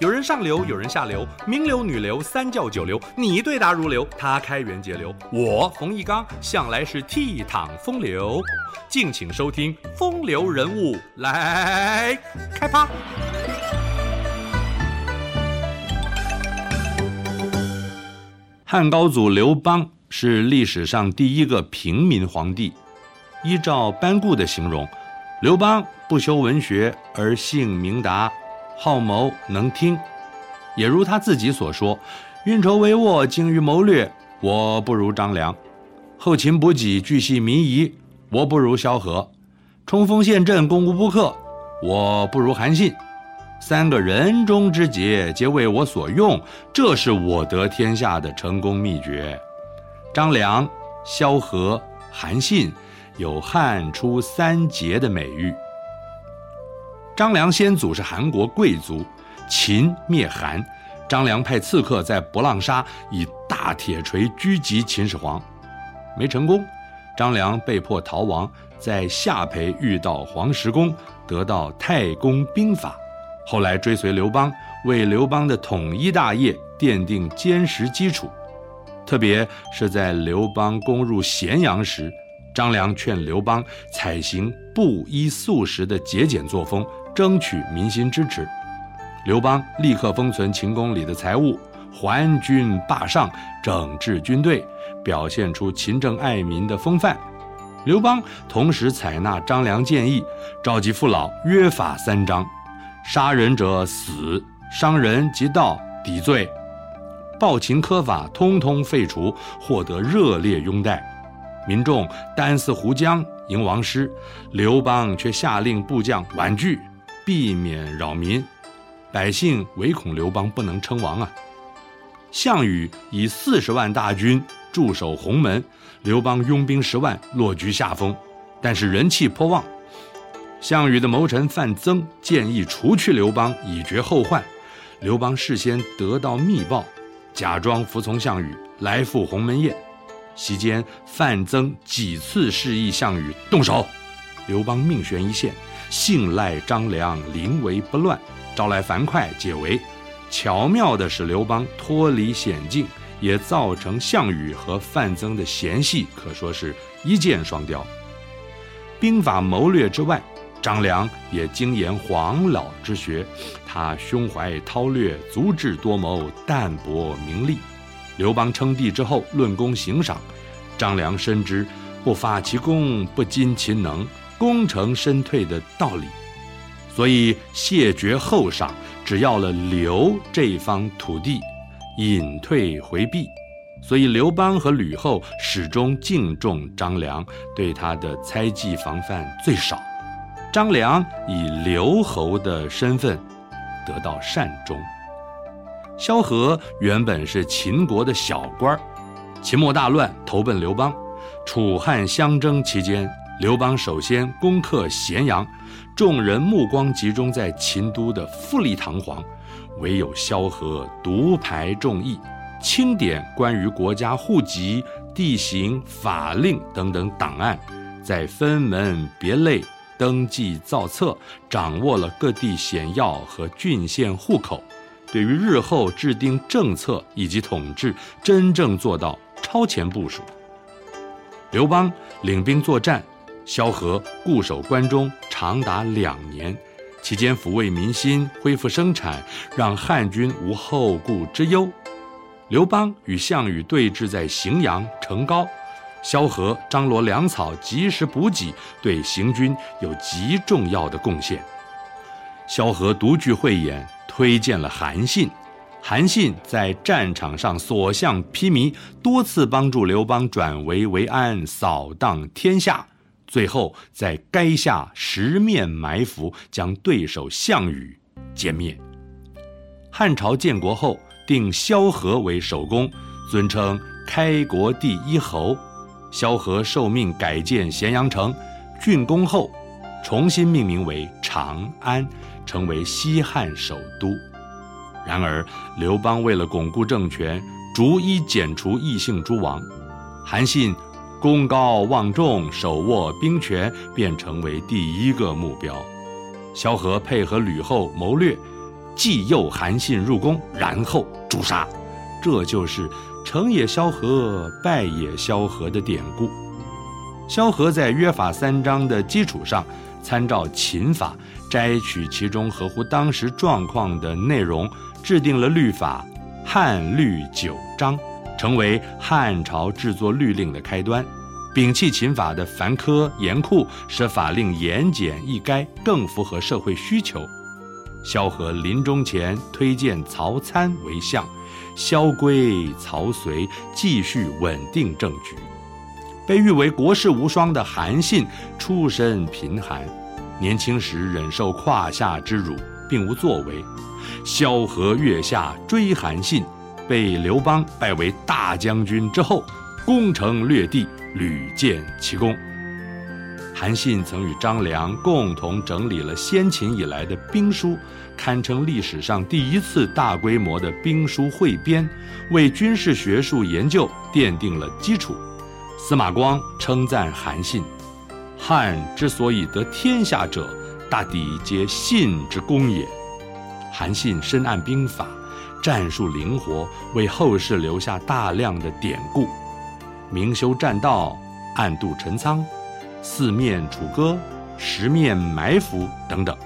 有人上流，有人下流，名流、女流、三教九流，你對答如流，他開源節流。我馮翊綱向來是倜儻風流，敬請收聽《風流人物》來開趴。漢高祖劉邦是歷史上第一個平民皇帝，依照班固的形容，劉邦不修文學而性明達。好謀能聽，也如他自己所說，運籌帷幄，精於謀略，我不如張良；後勤補給，巨細靡遺，我不如蕭何；衝鋒陷陣，攻無不克，我不如韓信。三個人中之傑，皆為我所用，這是我得天下的成功秘訣。張良、蕭何、韓信，有“漢初三傑”的美譽。張良先祖是韓國貴族，秦滅韓，張良派刺客在博浪沙以大鐵錘狙擊秦始皇，沒成功，張良被迫逃亡，在下邳遇到黃石公，得到《太公兵法》，後來追隨劉邦，為劉邦的統一大業奠定堅實基礎，特別是在劉邦攻入咸陽時，張良勸劉邦採行布衣素食的節儉作風。爭取民心支持，劉邦立刻封存秦宮裡的財物，還軍霸上，整治軍隊，表現出勤政愛民的風範。劉邦同時採納張良建議，召集父老約法三章：殺人者死，傷人及盜抵罪，暴秦苛法通通廢除，獲得熱烈擁戴。民眾簞食壺漿迎王師，劉邦卻下令部將婉拒。避免擾民，百姓唯恐劉邦不能稱王啊！項羽以四十萬大軍駐守鴻門，劉邦擁兵十萬，落居下風，但是人氣頗旺。項羽的謀臣范增建議除去劉邦以絕後患，劉邦事先得到密報，假裝服從項羽來赴鴻門宴。席間范增幾次示意項羽動手，劉邦命懸一線。幸賴張良，臨危不亂，招來樊噲解圍，巧妙地使劉邦脫離險境，也造成項羽和范增的嫌隙，可說是一箭雙雕。兵法謀略之外，張良也精研黃老之學，他胸懷韜略，足智多謀，淡泊名利。劉邦稱帝之後，論功行賞，張良深知，不伐其功，不矜其能，功成身退的道理，所以謝絕厚賞，只要了留這方土地，隱退回避。所以劉邦和呂後始終敬重張良，對他的猜忌防範最少。張良以留侯的身份得到善終。蕭何原本是秦國的小官，秦末大亂投奔劉邦，楚漢相爭期間，劉邦首先攻克咸陽，眾人目光集中在秦都的富麗堂皇，唯有蕭何獨排眾議，清點關於國家戶籍、地形、法令等等檔案，再分門別類登記造冊，掌握了各地險要和郡縣戶口，對於日後制定政策以及統治，真正做到超前部署。劉邦領兵作戰。蕭何固守關中長達兩年，期間撫慰民心、恢復生產，讓漢軍無後顧之憂。劉邦與項羽對峙在滎陽、成皋，蕭何張羅糧草，及時補給，對行軍有極重要的貢獻。蕭何獨具慧眼，推薦了韓信。韓信在戰場上所向披靡，多次幫助劉邦轉危為安，掃蕩天下。最後，在垓下十面埋伏，將對手項羽殲滅。漢朝建國後，定蕭何為首功，尊稱開國第一侯。蕭何受命改建咸陽城，竣工後，重新命名為長安，成為西漢首都。然而，劉邦為了鞏固政權，逐一剪除異姓諸王，韓信。功高望重、手握兵權，便成為第一個目標。蕭何配合呂後謀略，計誘韓信入宮，然後誅殺。這就是“成也蕭何，敗也蕭何”的典故。蕭何在《約法三章》的基礎上，參照秦法，摘取其中合乎當時狀況的內容，制定了律法《漢律九章》。成為漢朝製作律令的開端，摒棄秦法的繁苛嚴酷，使法令言簡意賅，更符合社會需求。蕭何臨終前推薦曹參為相，蕭規曹隨，繼續穩定政局。被譽為國士無雙的韓信出身貧寒，年輕時忍受胯下之辱，並無作為。蕭何月下追韓信。被劉邦拜為大將軍之後，攻城略地，屢建奇功。韓信曾與張良共同整理了先秦以來的兵書，堪稱歷史上第一次大規模的兵書彙編，為軍事學術研究奠定了基礎。司馬光稱讚韓信：“漢之所以得天下者，大抵皆信之功也。”韓信深諳兵法。戰術靈活，為後世留下大量的典故，明修棧道，暗度陳倉，四面楚歌，十面埋伏等等。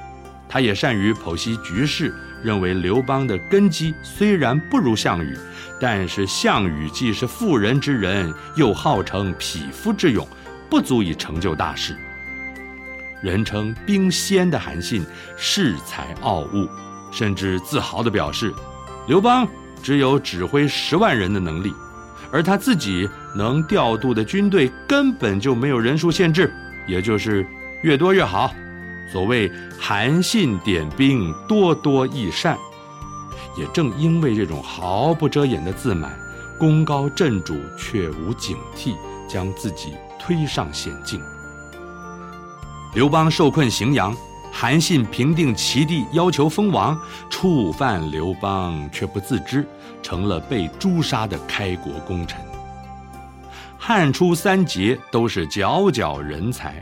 他也善於剖析局勢，認為劉邦的根基雖然不如項羽，但是項羽既是婦人之仁，又號稱匹夫之勇，不足以成就大事。人稱兵仙的韓信恃才傲物，甚至自豪地表示。劉邦只有指揮十萬人的能力，而他自己能調度的軍隊根本就沒有人數限制，也就是越多越好。所謂“韓信點兵，多多益善”，也正因為這種毫不遮掩的自滿，功高震主卻無警惕，將自己推上險境。劉邦受困滎陽。韓信平定齊地，要求封王，觸犯劉邦，卻不自知，成了被誅殺的開國功臣。漢初三傑都是佼佼人才，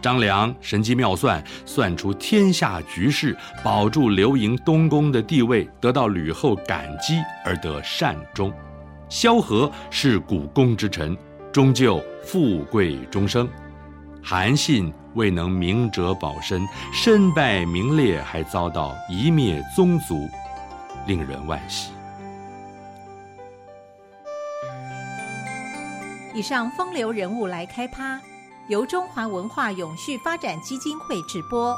張良神機妙算，算出天下局勢，保住劉盈東宮的地位，得到呂後感激而得善終；蕭何是股肱之臣，終究富貴終生。韓信未能明哲保身，身敗名裂，還遭到夷滅宗族，令人惋惜。以上風流人物來開趴，由中華文化永續發展基金會直播。